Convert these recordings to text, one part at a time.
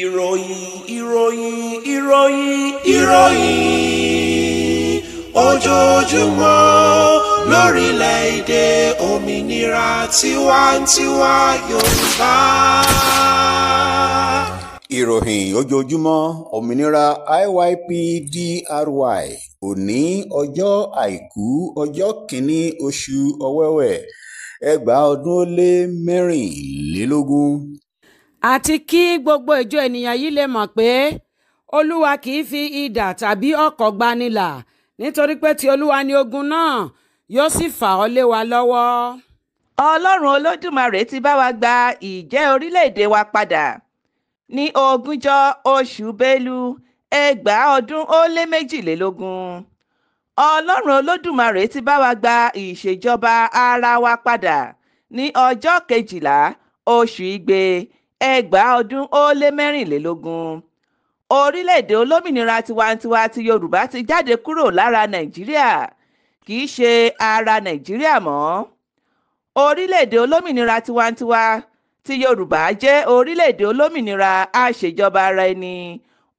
ìròyìn ìròyìn ìròyìn ìròyìn ojoojúmọ́ lórílẹ̀‐èdè òmìnira tiwantiwa yorùbá. ìròyìn ojoojúmọ́ òmìnira IYPDRY òní ọjọ́ àìkú ọjọ́ kìíní oṣù ọ̀wẹ́wẹ̀ ẹgbàá ọdún ó lé mẹ́rìnlélógún àti kí gbogbo ìjọ ènìyàn yìí lè mọ̀ pé olúwa kì í fi idà tàbí ọ̀kọ̀ gbanilà nítorí pé ti olúwa ni ogun náà yóò sì fà ọ́ lé wa lọ́wọ́. ọlọ́run olódùmarè ti bá wa gba ìjẹ́ orílẹ̀-èdè wa padà ní ogúnjọ́ oṣù bélú ẹgbàá ọdún ó lé méjìlélógún ọlọ́run olódùmarè ti bá wa gba ìṣèjọba ara wa padà ní ọjọ́ kejìlá oṣù igbe ẹgbàá ọdún ó lé mẹ́rìnlélógún orílẹ̀-èdè olómìnira tiwantiwa ti yorùbá ti jáde kúrò lára nàìjíríà kì í ṣe ara nàìjíríà mọ́ orílẹ̀-èdè olómìnira tiwantiwa ti yorùbá jẹ́ orílẹ̀-èdè olómìnira àṣejọba ara ẹni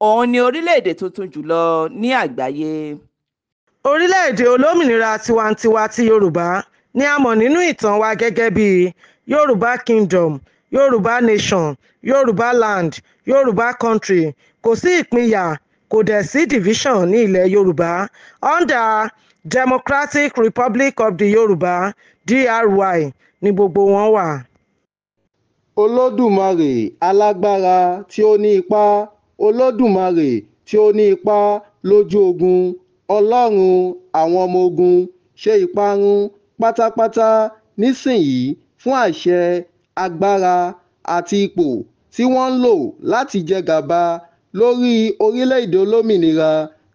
òun ni orílẹ̀-èdè tuntun jùlọ ní àgbáyé. orílẹ̀-èdè olómìnira tiwantiwa ti yorùbá ni a mọ̀ nínú ìtàn wa gẹ́gẹ́ bí yorùbá kingdom yorùbá nation yorùbá land yorùbá country kò sí ìpínyà kò dẹ̀ sí division ní ilẹ̀ yorùbá under democratic republic of the yorùbá dry ni gbogbo wọn wà. olódùmarè alágbára tí ó ní ipá olódùmarè tí ó ní ipá lójú ogun ọlọ́run àwọn ọmọ ogun ṣe ìparun pátápátá nísìnyí fún àṣẹ agbára àti ipò tí wọ́n ń lò láti jẹgàba lórí orílẹ̀-èdè olómìnira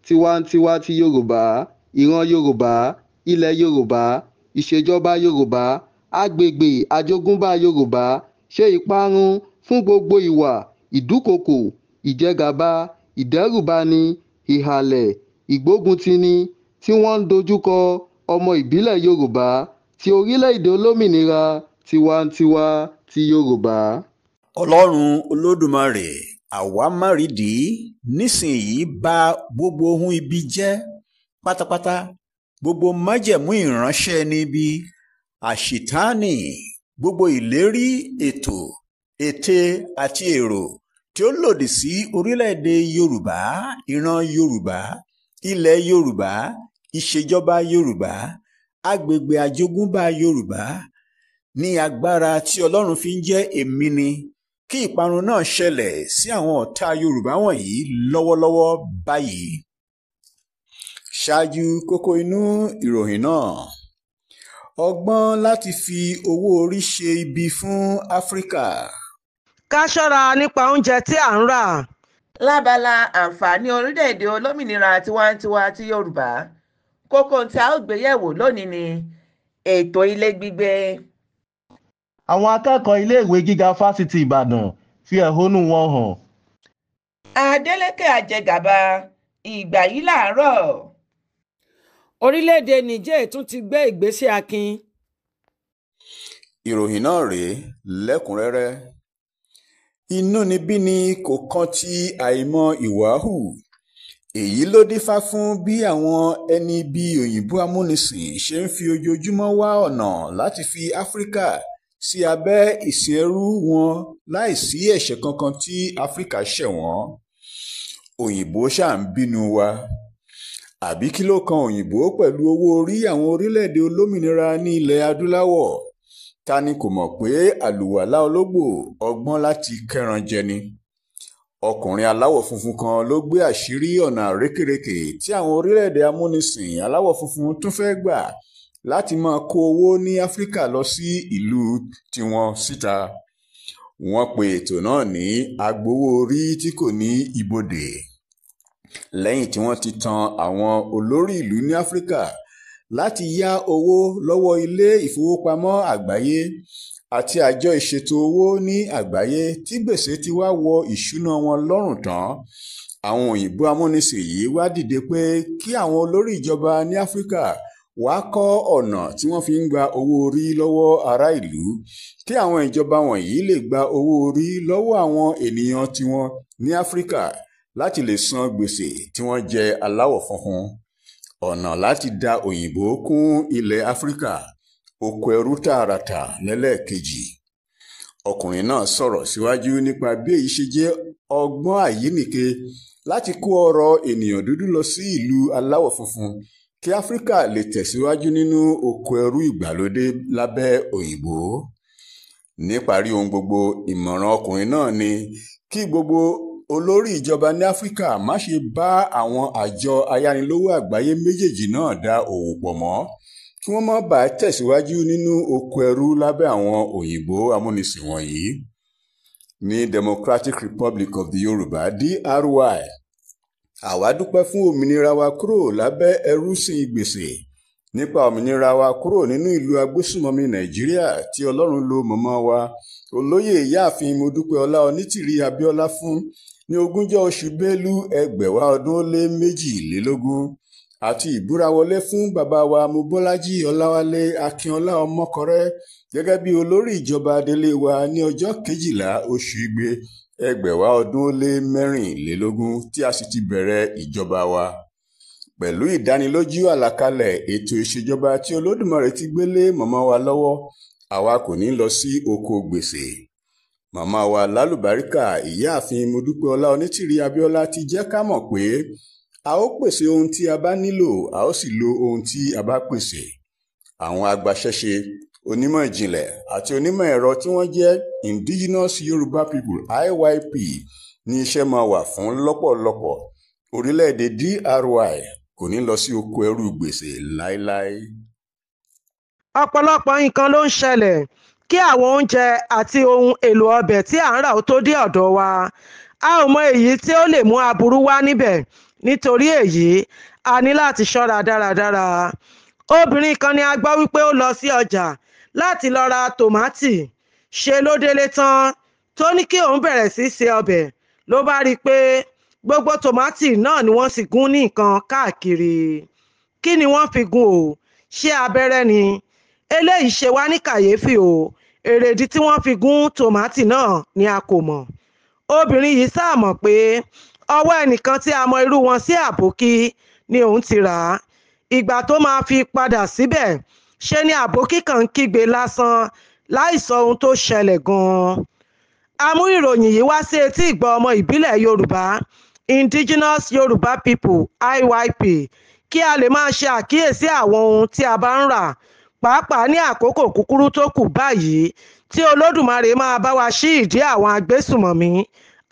tiwantiwa ti Yorùbá, ìran Yorùbá, ilẹ̀ Yorùbá, ìṣèjọba Yorùbá, agbègbè àjogúnbá Yorùbá, ṣe ìparun fún gbogbo ìwà ìdúkookò, ìjẹgàba, ìdẹ́rùbani, ìhàlẹ̀, ìgbóguntini tí wọ́n ń dojúkọ ọmọ ìbílẹ̀ Yorùbá ti orílẹ̀-èdè olómìnira tiwa tiwa ti yorùbá. ọlọ́run olódùmarè àwa márídìí nísìnyìí bà gbogbo ohun ibi jẹ́ pátápátá gbogbo májẹ̀mú ìránṣẹ́ níbi àṣìtáàní gbogbo ìlérí ètò ète àti èrò tí ó lòdì sí orílẹ̀-èdè yorùbá ìran yorùbá ilẹ̀ yorùbá ìṣèjọba yorùbá agbègbè àjogúnbá yorùbá ní agbára tí Ọlọ́run fi ń jẹ́ èmi ni kí ìparun náà ṣẹlẹ̀ sí àwọn ọ̀tá Yorùbá wọ̀nyí lọ́wọ́lọ́wọ́ báyìí. Ṣáájú kókó inú ìròyìn náà ọgbọ́n láti fi owó orí ṣe ibi fún Áfíríkà. Ká ṣọ́ra nípa oúnjẹ tí à ń rà. Lábala àǹfààní orílẹ̀-èdè olómìnira tiwantiwa ti Yorùbá kókó tí a ó gbéyẹ̀wò lónìí ni ètò ilé gbígbé àwọn akẹ́kọ̀ọ́ iléèwé gíga fásitì ìbàdàn fi ẹ̀hónú wọn hàn. adeleke àjẹgàba ìgbà yìí làárọ̀. orílẹ̀-èdè niger tún ti gbé ìgbésẹ̀ akin. ìròyìn náà rèé lẹ́kùnrẹ́rẹ́ inúnibíni kò kan ti àìmọ̀ ìwà hù èyí ló dífá fún bí àwọn ẹni ibi òyìnbó amúnisìn ṣe ń fi ojoojúmọ́ wá ọ̀nà láti fi áfíríkà sí abẹ́ ìsẹ̀rú wọn láìsí ẹ̀ṣẹ̀ kankan tí áfíríkà ṣẹ̀ wọ́n òyìnbó ṣáà ń bínú wa àbí kí ló kan òyìnbó pẹ̀lú owó orí àwọn orílẹ̀-èdè olómìnira ní ilẹ̀ adúláwọ̀ ta ni kò mọ̀ pé àlùwàlá ológbò ọgbọ́n láti kẹran jẹni ọkùnrin aláwọ̀ funfun kan ló gbé àṣírí ọ̀nà rékèrèkè tí àwọn orílẹ̀-èdè amúnisìn aláwọ̀ funfun tún fẹ́ gbà láti máa kó owó ní áfíríkà lọ sí ìlú tiwọn síta wọ́n pe ètò náà ní agbowó orí tí kò ní ibodè lẹ́yìn tí wọ́n ti tan àwọn olórí ìlú ní áfíríkà láti yá owó lọ́wọ́ ilé ìfowópamọ́ àgbáyé àti àjọ ìṣètò owó ní àgbáyé tí gbèsè ti wá wọ ìṣúná wọn lọ́rùn tán àwọn òyìnbó amúnisìn yìí wá dìde pé kí àwọn olórí ìjọba ní áfíríkà wàá kọ́ ọ̀nà tí wọ́n fi ń gba owó orí lọ́wọ́ ará ìlú kí àwọn ìjọba wọ̀nyí lè gba owó orí lọ́wọ́ àwọn ènìyàn tiwọn ní áfíríkà láti lè san gbèsè tí wọ́n jẹ aláwọ̀ funfun ọ̀nà láti da òyìnbó kún ilẹ̀ áfíríkà oko ẹrú tààràtà lẹ́lẹ́ẹ̀kejì ọkùnrin náà sọ̀rọ̀ síwájú nípa bí èyí ṣe jẹ́ ọgbọ́n àyínìke láti kó ọrọ̀ ènìyàn dúdú lọ sí ìlú aláwọ̀ funfun kí áfíríkà lè tẹ̀síwájú nínú oko ẹrú ìgbàlódé lábẹ́ òyìnbó níparí ohun gbogbo ìmọ̀ràn ọkùnrin náà ni kí gbogbo olórí ìjọba ní áfíríkà má ṣe bá àwọn àjọ ayánilówó àgbáyé méjèèjì náà dá òwò pọ̀ mọ́ kí wọ́n má bàa tẹ̀síwájú nínú oko ẹrú lábẹ́ àwọn òyìnbó amúnisìn wọ̀nyí ní democratic republic of the yorùbá dry àwa dúpẹ́ fún òmìnira wa kúrò lábẹ́ ẹrúsìn gbèsè nípa òmìnira wa kúrò nínú ìlú agbésùmọ̀mí nàìjíríà tí ọlọ́run lo mọ̀mọ́ wa olóyè ìyáàfin modúpẹ́ ọlá onítìrí abíọ́lá fún ní ogúnjọ́ oṣù bélú ẹgbẹ̀wá ọdún ó lé méjìlélógún àti ìbúrawọlé fún bàbá wa mobọ́lájí ọláwálé akínọlá ọmọkọrẹ́ gẹ́gẹ́ bí olórí ìjọba adelé wa ní ọjọ́ kejìlá oṣù igbe ẹgbẹ̀wá ọdún ó lé mẹ́rìnlélógún tí a sì ti bẹ̀rẹ̀ ìjọba wa pẹ̀lú ìdánilójú àlàkalẹ̀ ètò ìṣèjọba tí olódùmarè ti gbé lé màmá wa lọ́wọ́ àwa kò ní lọ sí oko gbèsè màmá wa lálùbáríkà ìyáàfin modúpẹ́ ọlá onítìrí abíọ́lá ti jẹ́ ká mọ̀ pé a ó pèsè ohun tí a bá nílò a ó sì lo ohun tí a bá pèsè àwọn agbaṣẹ́ṣe onímọ̀ ìjìnlẹ̀ àti onímọ̀ ẹ̀rọ tí wọ́n jẹ́ indigenous Yorùbá people IYP ní iṣẹ́ máa wà fún lọ́pọ̀lọpọ̀ orílẹ̀-èdè DRY kò ní lọ sí oko ẹrú gbèsè láéláé. ọ̀pọ̀lọpọ̀ nǹkan ló ń ṣẹlẹ̀ kí àwọn oúnjẹ àti ohun èlò ọbẹ̀ tí à ń rà ó tó dé ọ̀dọ̀ wa a ò mọ èyí tí ó lè mú aburú wá níbẹ̀ nítorí èyí a ní láti ṣọ́ra dáradára obìnrin kan ni a gbọ́ wípé ó lọ sí ọjà láti lọ ra tòmátì ṣe ló délé tán tó ní kí òun bẹ̀rẹ̀ sí se ọbẹ̀ ló bá rí i pé gbogbo tòmátì náà ni wọ́n sì gún ní nǹkan káàkiri kí ni wọ́n fi gún o ṣé abẹ́rẹ́ ni eléyìí ṣe wá ní kàyéfì o èrèdí tí wọ́n fi gún tòmátì náà ni a kò mọ̀ obìnrin yìí sáà pé ọwọ́ ẹnìkan tí a mọ irú wọn sí àbókí ni òun ti rà á ìgbà tó máa fi padà síbẹ̀ ṣe ni àbókí kan ń kígbe lásán láìsọ ohun tó ṣẹlẹ̀ gan-an a mú ìròyìn yìí wá sí etí ìgbọ́ ọmọ ìbílẹ̀ yorùbá indigenous yorùbá people iyp kí a lè máa ṣe àkíyèsí àwọn ohun tí a bá ń rà pàápàá ní àkókò kúkúrú tó kù báyìí tí olódùmarè máa bá wa ṣí ìdí àwọn agbésùmọ̀mí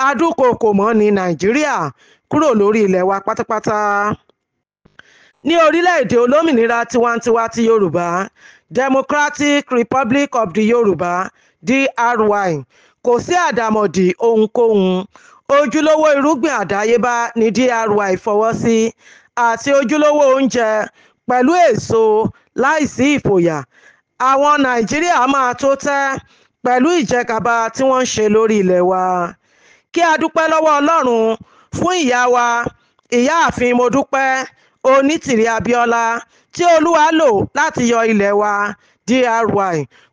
adúkookò mọ́ ní nàìjíríà kúrò lórí ilẹ̀ wa pátápátá ní orílẹ̀-èdè olómìnira tiwantiwa ti yorùbá democratic republic of the yorùbá dry kò sí àdàmọ̀dì ohunkóhun ojúlówó irúgbìn àdáyébá ni dry fọwọ́ sí àti ojúlówó oúnjẹ pẹ̀lú èso láìsí ìfòyà àwọn nàìjíríà máa tó tẹ́ pẹ̀lú ìjẹgàba tí wọ́n ń ṣe lórí ilẹ̀ wa kí a dúpẹ́ lọ́wọ́ ọlọ́run fún ìyá wa ìyáàfin mo dúpẹ́ onítìrí abiola tí olúwa lò láti yọ ilẹ̀ wa dry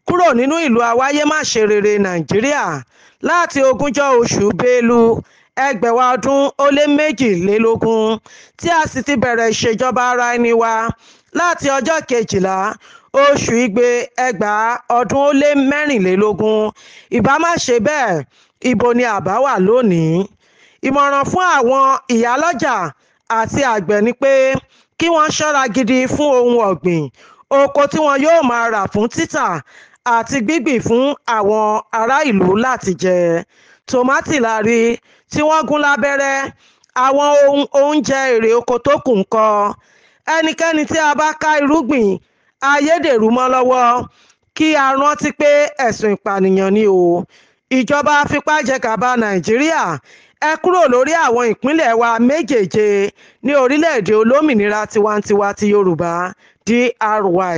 kúrò nínú ìlú awáyémáṣerere nàìjíríà láti ogúnjọ́ oṣù bélú ẹgbẹ̀wá ọdún ó lé méjìlélógún tí a sì ti bẹ̀rẹ̀ ìṣèjọba ara ẹni wa láti ọjọ́ kejìlá oṣù igbe ẹgbàá ọdún ó lé mẹ́rìnlélógún ìbá má ṣe bẹ́ẹ̀ ibo ni àbá wà lónìí ìmọ̀ràn fún àwọn ìyálọ́jà àti àgbẹ̀ ni pé kí wọ́n ṣọ́ra gidi fún ohun ọ̀gbìn oko tí wọn yóò máa rà fún títà àti gbígbìn fún àwọn ará ìlú láti jẹ tòmátì la rí tí wọ́n gún lábẹ́rẹ́ àwọn ohun oúnjẹ èrè oko tó kù ńkọ́ ẹnikẹ́ni tí a bá ká irúgbìn ayédèrú mọ́ lọ́wọ́ kí a rántí pé ẹ̀sùn ìpànìyàn ni o ìjọba afipájẹkàba nàìjíríà ẹ kúrò lórí àwọn ìpínlẹ̀ wa méjèèje ní orílẹ̀-èdè olómìnira tiwantiwa ti yorùbá DRY.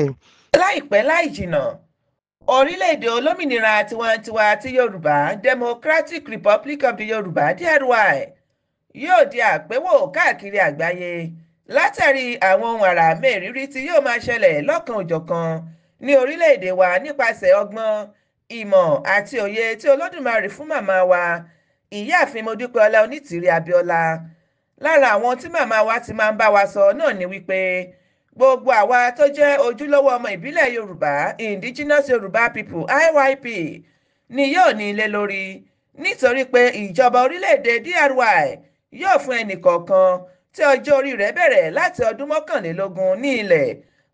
láìpẹ́ láì jìnnà orílẹ̀-èdè olómìnira tiwantiwa ti yorùbá Democratic Republic of the Yorùbá DRY yóò di àpéwò káàkiri àgbáyé látàrí àwọn ohun àrà mẹ́rìírí tí yóò máa ṣẹlẹ̀ lọ́kan òjọ̀kan ní orílẹ̀-èdè wa nípasẹ̀ ọgbọ́n ìmọ̀ àti òye tí Olódùmarè fún màmá wa ìyáàfin modúpẹ́ọlá onítìrí abíọ́lá lára àwọn tí màmá wa ti máa ń bá wa sọ náà ni wípé gbogbo àwa tó jẹ́ ojúlówó ọmọ ìbílẹ̀ yorùbá indigenous yorùbá people IYP ni yóò ní ilé lórí nítorí pé ìjọba orílẹ̀-èdè DRY yóò fún ẹnìkọ̀ọ̀kan tí ọjọ́ orí rẹ̀ bẹ̀rẹ̀ láti ọdún mọ́kànlélógún ní ilẹ̀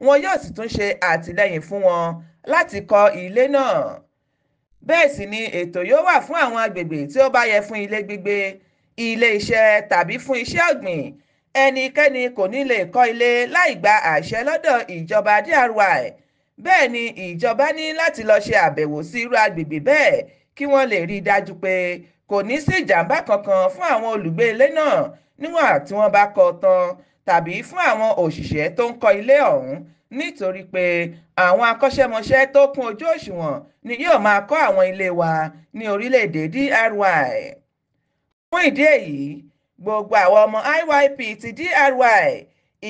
wọn yóò sì tún ṣe àtìlẹ́yìn fún wọn láti kọ́ ilé náà bẹ́ẹ̀ sì ni ètò yóò wà fún àwọn agbègbè tí ó bá yẹ fún ilé gbígbé ilé iṣẹ́ tàbí fún iṣẹ́ ọ̀gbìn ẹnikẹ́ni kò ní lè kọ́ ilé láì gba àṣẹ lọ́dọ̀ ìjọba DRY bẹ́ẹ̀ ni ìjọba ní láti lọ ṣe àbẹ̀wò sí irú agbègbè bẹ́ẹ̀ kí wọ́n lè rí i dájú pé kò ní sí ìjàmbá kankan fún àwọn olùgbé ilé náà níwọ̀n tí wọ́n bá kọ́ tán tàbí fún àwọn òṣìṣẹ́ tó ń kọ́ ilé ọ̀hún nítorí pé àwọn akọ́ṣẹ́mọṣẹ́ tó kún ojú òṣùwọ̀n ni yóò máa kọ́ àwọn ilé wa ní orílẹ̀-èdè DRY. fún ìdí èyí gbogbo àwọn ọmọ IYP ti DRY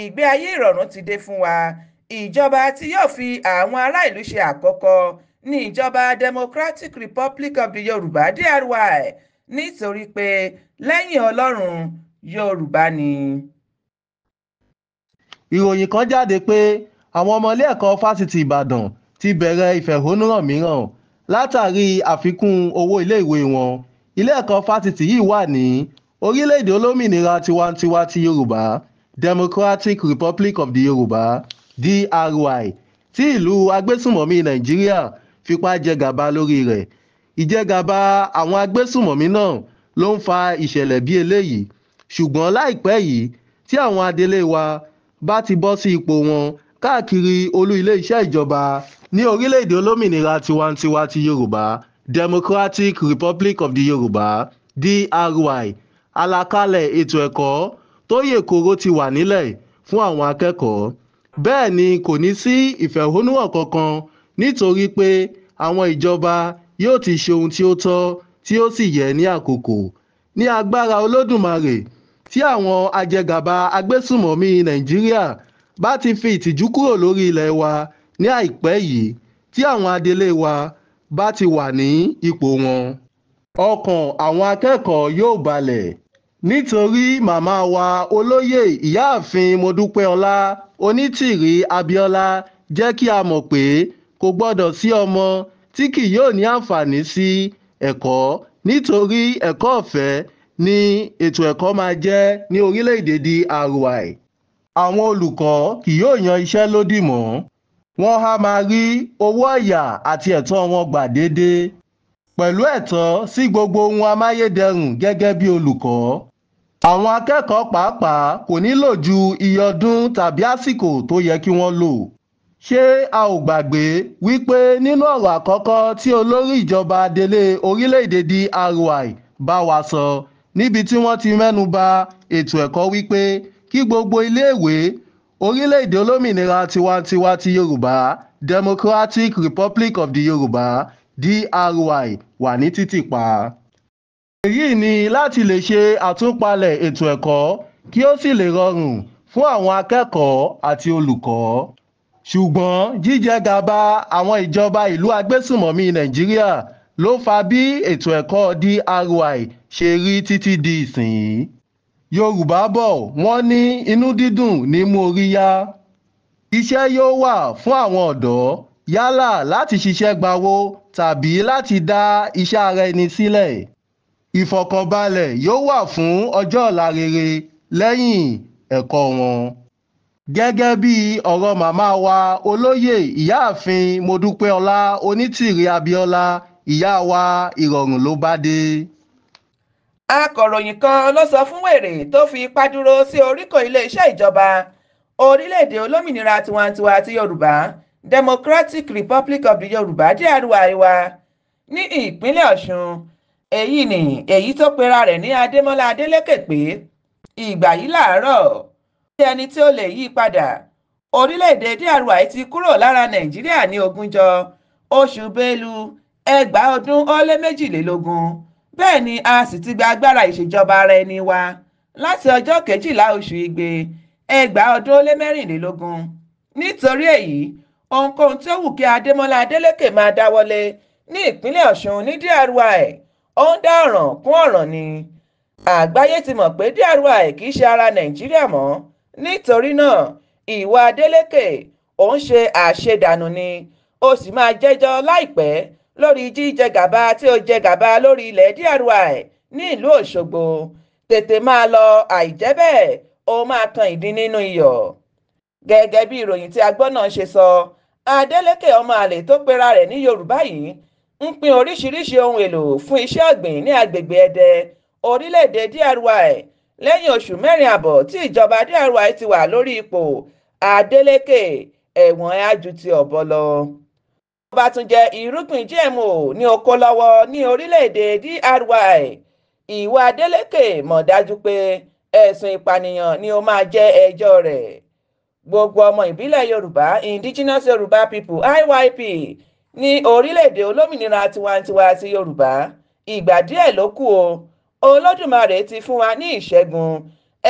ìgbé ayé ìrọ̀rùn ti dé fún wa ìjọba tí yóò fi àwọn ará ìlú ṣe àkọ́kọ́ ní ìjọba Democratic Republic of the Yorùbá DRY nítorí pé lẹ́yìn Ọlọ́run Yorùbá ni. ìròyìn kan jáde pé àwọn ọmọ ilé ẹ̀kọ́ fásitì ìbàdàn ti bẹ̀rẹ̀ ìfẹ̀hónúhàn mìíràn látàrí àfikún owó iléèwé wọn ilé ẹ̀kọ́ fásitì yìí wà ní orílẹ̀-èdè olómìnira tiwantiwa ti yorùbá democratic republic of the yorùbá dry tí ìlú agbésùmọ̀mí nàìjíríà fipá jẹgàba lórí rẹ̀ ìjẹgàba àwọn agbésùmọ̀mí náà ló ń fa ìṣẹ̀lẹ̀ bíi eléyìí ṣùgbọ́n láìpẹ́ yìí tí àwọn adelé wa bá ti bọ́ sí ipò wọn káàkiri olú iléeṣẹ́ ìjọba ní orílẹ̀-èdè olómìnira tiwantiwa ti yorùbá democratic republic of the yorùbá dry àlàkalẹ̀ ètò ẹ̀kọ́ tó yè koro ti wà nílẹ̀ fún àwọn akẹ́kọ̀ọ́ bẹ́ẹ̀ ni kò ní sí ìfẹ̀hónúhàn kankan nítorí pé àwọn ìjọba yóò ti ṣe ohun tí ó tọ́ tí ó sì yẹ ní àkókò ní agbára olódùmarè tí àwọn ajẹgàba agbésùmọ̀mí nàìjíríà bá ti fi ìtìjú kúrò lórí ilẹ̀ wa ní àìpẹ́ yìí tí àwọn adelé wa bá ti wà ní ipò wọn. ọkàn àwọn akẹ́kọ̀ọ́ yóò balẹ̀ nítorí màmá wa olóyè ìyáàfin modúpẹ́ọlá onítìrí abiola jẹ́ kí a mọ̀ pé kò gbọ́dọ̀ sí ọmọ tí kì yóò ní àǹfààní sí ẹ̀kọ́ nítorí ẹ̀kọ́ ọ̀fẹ́ ni ètò ẹ̀kọ́ máa jẹ́ ní orílẹ̀-èdè DRY àwọn olùkọ́ kì yóò yan iṣẹ́ lódì mọ́ wọ́n á máa rí owó ọ̀yà àti ẹ̀tọ́ wọn gbà déédéé pẹ̀lú ẹ̀tọ́ sí gbogbo ohun amáyédẹrùn gẹ́gẹ́ bí olùkọ́ àwọn akẹ́kọ̀ọ́ pàápàá kò ní lò ju iye ọdún tàbí àsìkò tó yẹ kí wọ́n lò ṣé a ò gbàgbé wípé nínú ọ̀rọ̀ àkọ́kọ́ tí olórí ìjọba adelé orílẹ̀-èdè DRY bá wa sọ níbi tí wọ́n ti mẹ́nu ba ètò ẹ̀kọ́ wípé kí gbogbo iléèwé orílẹ̀-èdè olómìnira tiwantiwa ti yorùbá democratic republic of the yorùbá dry wà ní títì pa. èyí ni láti lè ṣe àtúpalẹ̀ ètò ẹ̀kọ́ kí ó sì lè rọrùn fún àwọn akẹ́kọ̀ọ́ àti olùkọ́ ṣùgbọ́n jíjẹ gàba àwọn ìjọba ìlú agbésùmọ̀mí nàìjíríà ló fa bí ètò ẹ̀kọ́ DRY ṣe rí títí di ìsìn yorùbá bò wọ́n ní inú dídùn nímú orí yá iṣẹ́ yóò wà fún àwọn ọ̀dọ́ yálà láti ṣiṣẹ́ gbawó tàbí láti dá iṣẹ́ ara ẹni sílẹ̀ ìfọ̀kànbalẹ̀ yóò wà fún ọjọ́ ọ̀la rere lẹ́yìn ẹ̀kọ́ wọn gẹ́gẹ́ bí ọ̀rọ̀ màmá wa olóyè ìyáàfin modúpẹ́ọlá onítìrí abiola ìyá wa ìrọ̀rùn ló bá dé akọ̀ròyìn kan ló sọ fún wèrè tó fi ipá dúró sí oríkọ̀ iléeṣẹ́ ìjọba orílẹ̀-èdè olómìnira tiwantiwa ti yorùbá democratic republic of the yorùbá dr àríwá ní ìpínlẹ̀ ọ̀ṣun èyí ni èyí tó pera rẹ̀ ní adémọ́lá adélékè pé ìgbà yìí làárọ̀ bí ẹni tí ó lè yí padà orílẹ̀-èdè dr ti kúrò lára nàìjíríà ní ogúnjọ́ oṣù bélú ẹgbàá ọdún ó lé méjìlélógún bẹ́ẹ̀ ni a sì ti gba agbára ìṣèjọba ara ẹni wa láti ọjọ́ kejìlá oṣù igbe ẹgbàá ọdún ó lé mẹ́rìnlélógún nítorí èyí ohunkóhun tí ó wù kí adémọlá adélékè máa dáwọ́lé ní ìpínlẹ̀ ọ̀ṣun ní dry ó ń dá ọ̀ràn kún ọ̀ràn ni àgbáyé ti mọ̀ pé dry kì í ṣe ara nàìjíríà mọ́ nítorí náà ìwà adélékè ó ṣe àṣedànù ni ó sì máa jẹ́jọ́ láìpẹ́ lórí jíjẹ gàba tí ó jẹ gàba lórí ilẹ̀ DRY ní ìlú Òṣogbo tètè máa lọ àìjẹ́ bẹ́ẹ̀ ó máa kan ìdín nínú iyọ̀ gẹ́gẹ́ bí ìròyìn tí a náà ṣe sọ Adeleke ọmọ àlè tó pera rẹ̀ ní Yorùbá yìí ń pín oríṣiríṣi ohun èlò fún iṣẹ́ ọ̀gbìn ní agbègbè Ẹdẹ orílẹ̀-èdè DRY lẹ́yìn oṣù mẹ́rin àbọ̀ tí ìjọba DRY ti wà lórí ipò Adeleke ẹ̀wọ̀n ẹ̀ á ju ọ̀bọ lọ bá tún jẹ irúgbìn GMO ní oko lọ́wọ́ ní orílẹ̀-èdè DRY ìwà Adeleke mọ̀ dájú pé ẹ̀sùn ìpànìyàn ni ó máa jẹ́ ẹjọ́ rẹ̀ gbogbo ọmọ ìbílẹ̀ Yorùbá Indigenous Yorùbá People IYP ní orílẹ̀-èdè olómìnira tiwantiwa ti Yorùbá ìgbà díẹ̀ ló kù o Olódùmarè ti fún wa ní ìṣẹ́gun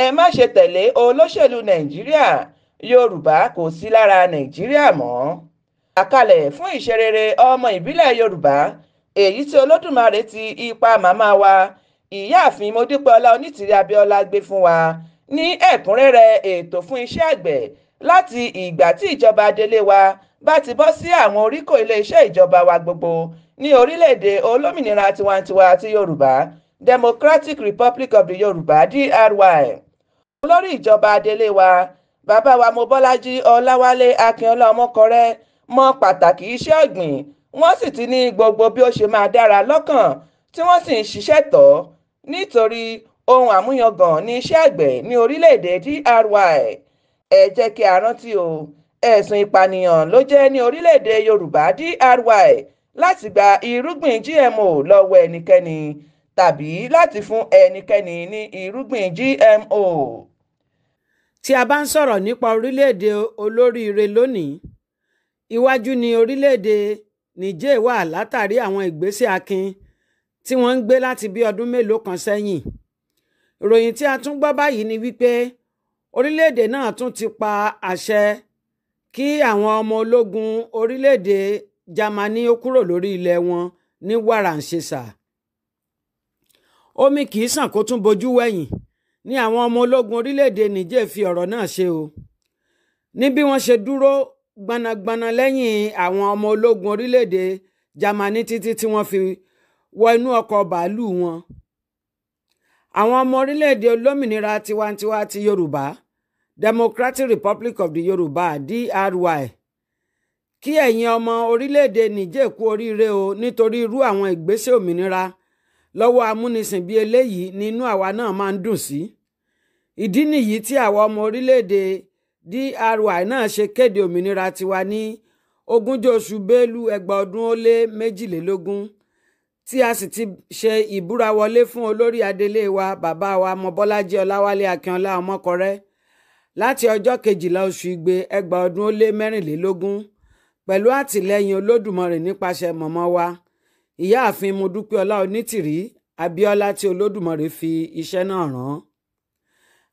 ẹ má ṣe tẹ̀lé olóṣèlú Nàìjíríà Yorùbá kò sí lára Nàìjíríà mọ́ àkàlẹ̀ fún ìṣerere ọmọ ìbílẹ̀ yorùbá èyí tí olódùmarè ti ipa màmá wa ìyáàfin modúpẹ́ọlá onítìrí abíọ́lá gbé fún wa ní ẹ̀kúnrẹ́rẹ́ ètò fún iṣẹ́ àgbẹ̀ láti ìgbà tí ìjọba délé wa bá ti bọ́ sí àwọn oríkò iléeṣẹ́ ìjọba wa gbogbo ní orílẹ̀-èdè olómìnira tiwantiwa ti yorùbá democratic republic of the yorùbá dry olórí ìjọba délé wa bàbá wa mobọ́lájí ọláwálé akínọlá ọmọkọrẹ́ mọ pàtàkì iṣẹ́ ọ̀gbìn wọ́n sì ti ní gbogbo bí ó ṣe máa dára lọ́kàn tí wọ́n sì ń ṣiṣẹ́ tọ̀ nítorí ohun àmúyangàn ní iṣẹ́ àgbẹ̀ ní orílẹ̀-èdè DRY ẹ jẹ́ kí a rántí o ẹ̀sùn ìpànìyàn ló jẹ́ ní orílẹ̀-èdè Yorùbá DRY láti gba irúgbìn GMO lọ́wọ́ ẹnikẹ́ni tàbí láti fún ẹnikẹ́ni ní irúgbìn GMO. tí a bá ń sọ̀rọ̀ nípa orílẹ̀-èdè olóríire lónìí iwájú ni orílẹ̀-èdè niger wà látàrí àwọn ìgbésẹ̀ akin tí wọ́n ń gbé láti bí ọdún mélòó kan sẹ́yìn ìròyìn tí a tún gbọ́ báyìí ni wípé orílẹ̀-èdè náà tún ti pa àṣẹ kí àwọn ọmọ ológun orílẹ̀-èdè Jámánì ó kúrò lórí ilẹ̀ wọn ní wàràǹṣeṣà omi kì í sàn kó tún bojú wẹ̀yìn ni àwọn ọmọ ológun orílẹ̀-èdè Níjẹ̀ fi ọ̀rọ̀ náà ṣe o ní bí wọ́n ṣe dúró gbanagbana lẹ́yìn àwọn ọmọ ológun orílẹ̀-èdè Jámánì títí tí wọ́n fi wọ inú ọkọ̀ bàálù wọn. àwọn ọmọ orílẹ̀-èdè olómìnira tiwantiwa ti Yorùbá Democratic Republic of the Yorùbá DRY kí ẹ̀yin ọmọ orílẹ̀-èdè Niger kú oríire o nítorí irú àwọn ìgbésẹ̀ òmìnira lọ́wọ́ amúnisìn bíi eléyìí ni inú àwa náà máa ń dùn sí. ìdí nìyí tí àwa ọmọ orílẹ̀-èdè DRY náà ṣe kéde òmìnira tiwa ní ogúnjọ́ oṣù bélú ẹgbàá ọdún ó lé méjìlélógún tí a sì ti ṣe ìbúra wọlé fún olórí adelé wa bàbá wa mọ́bọ́lájí ọláwálé akínọlá ọmọkọrẹ́ láti ọjọ́ kejìlá oṣù igbe ẹgbàá ọdún ó lé mẹ́rìnlélógún pẹ̀lú àtìlẹ́yìn olódùmarè nípasẹ̀ mọ̀mọ́ wa ìyáàfin mọ́dúpẹ́ ọlá onítìrí abíọ́lá tí olódùmarè fi iṣẹ́ náà rán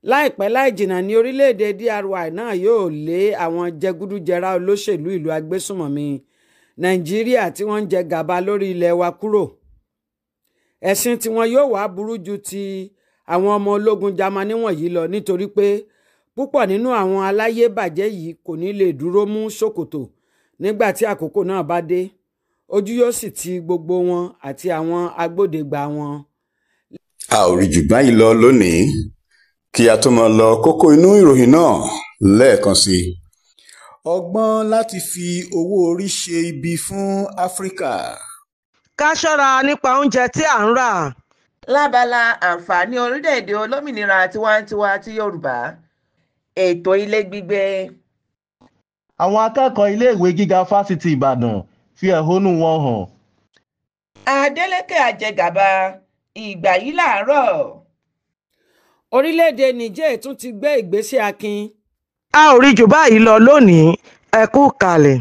láìpẹ́ láì jìnnà ní orílẹ̀-èdè DRY náà yóò lé àwọn jẹgúdújẹrá olóṣèlú ìlú agbésùmọ̀mí Nàìjíríà tí wọ́n ń jẹ gàba lórí ilẹ̀ wa kúrò ẹ̀sìn tiwọn yóò wá burú ju ti àwọn ọmọ ológun Jámánì wọ̀nyí lọ nítorí pé púpọ̀ nínú àwọn aláyébàjẹ́ yìí kò ní lè dúró mú ṣòkòtò nígbà tí àkókò náà bá dé ojú yóò sì ti gbogbo wọn àti àwọn agbódegbà wọn. a ò rí jù báyìí lọ lónìí kí a tó mọ lọ kókó inú ìròyìn náà lẹ́ẹ̀kan sí i. ọgbọ́n láti fi owó orí ṣe ibi fún áfíríkà. ká ṣọ́ra nípa oúnjẹ tí à ń rà. lábala àǹfààní orílẹ̀-èdè olómìnira tiwantiwa ti yorùbá ètò ilé gbígbé. àwọn akẹ́kọ̀ọ́ iléèwé gíga fásitì ìbàdàn fi ẹ̀hónú wọn hàn. adeleke ajẹgàba ìgbà yìí làárọ̀ orílẹ̀-èdè niger tún ti gbé ìgbésẹ̀ akin. a ò rí jù báyìí lọ lónìí ẹ kú kalẹ̀.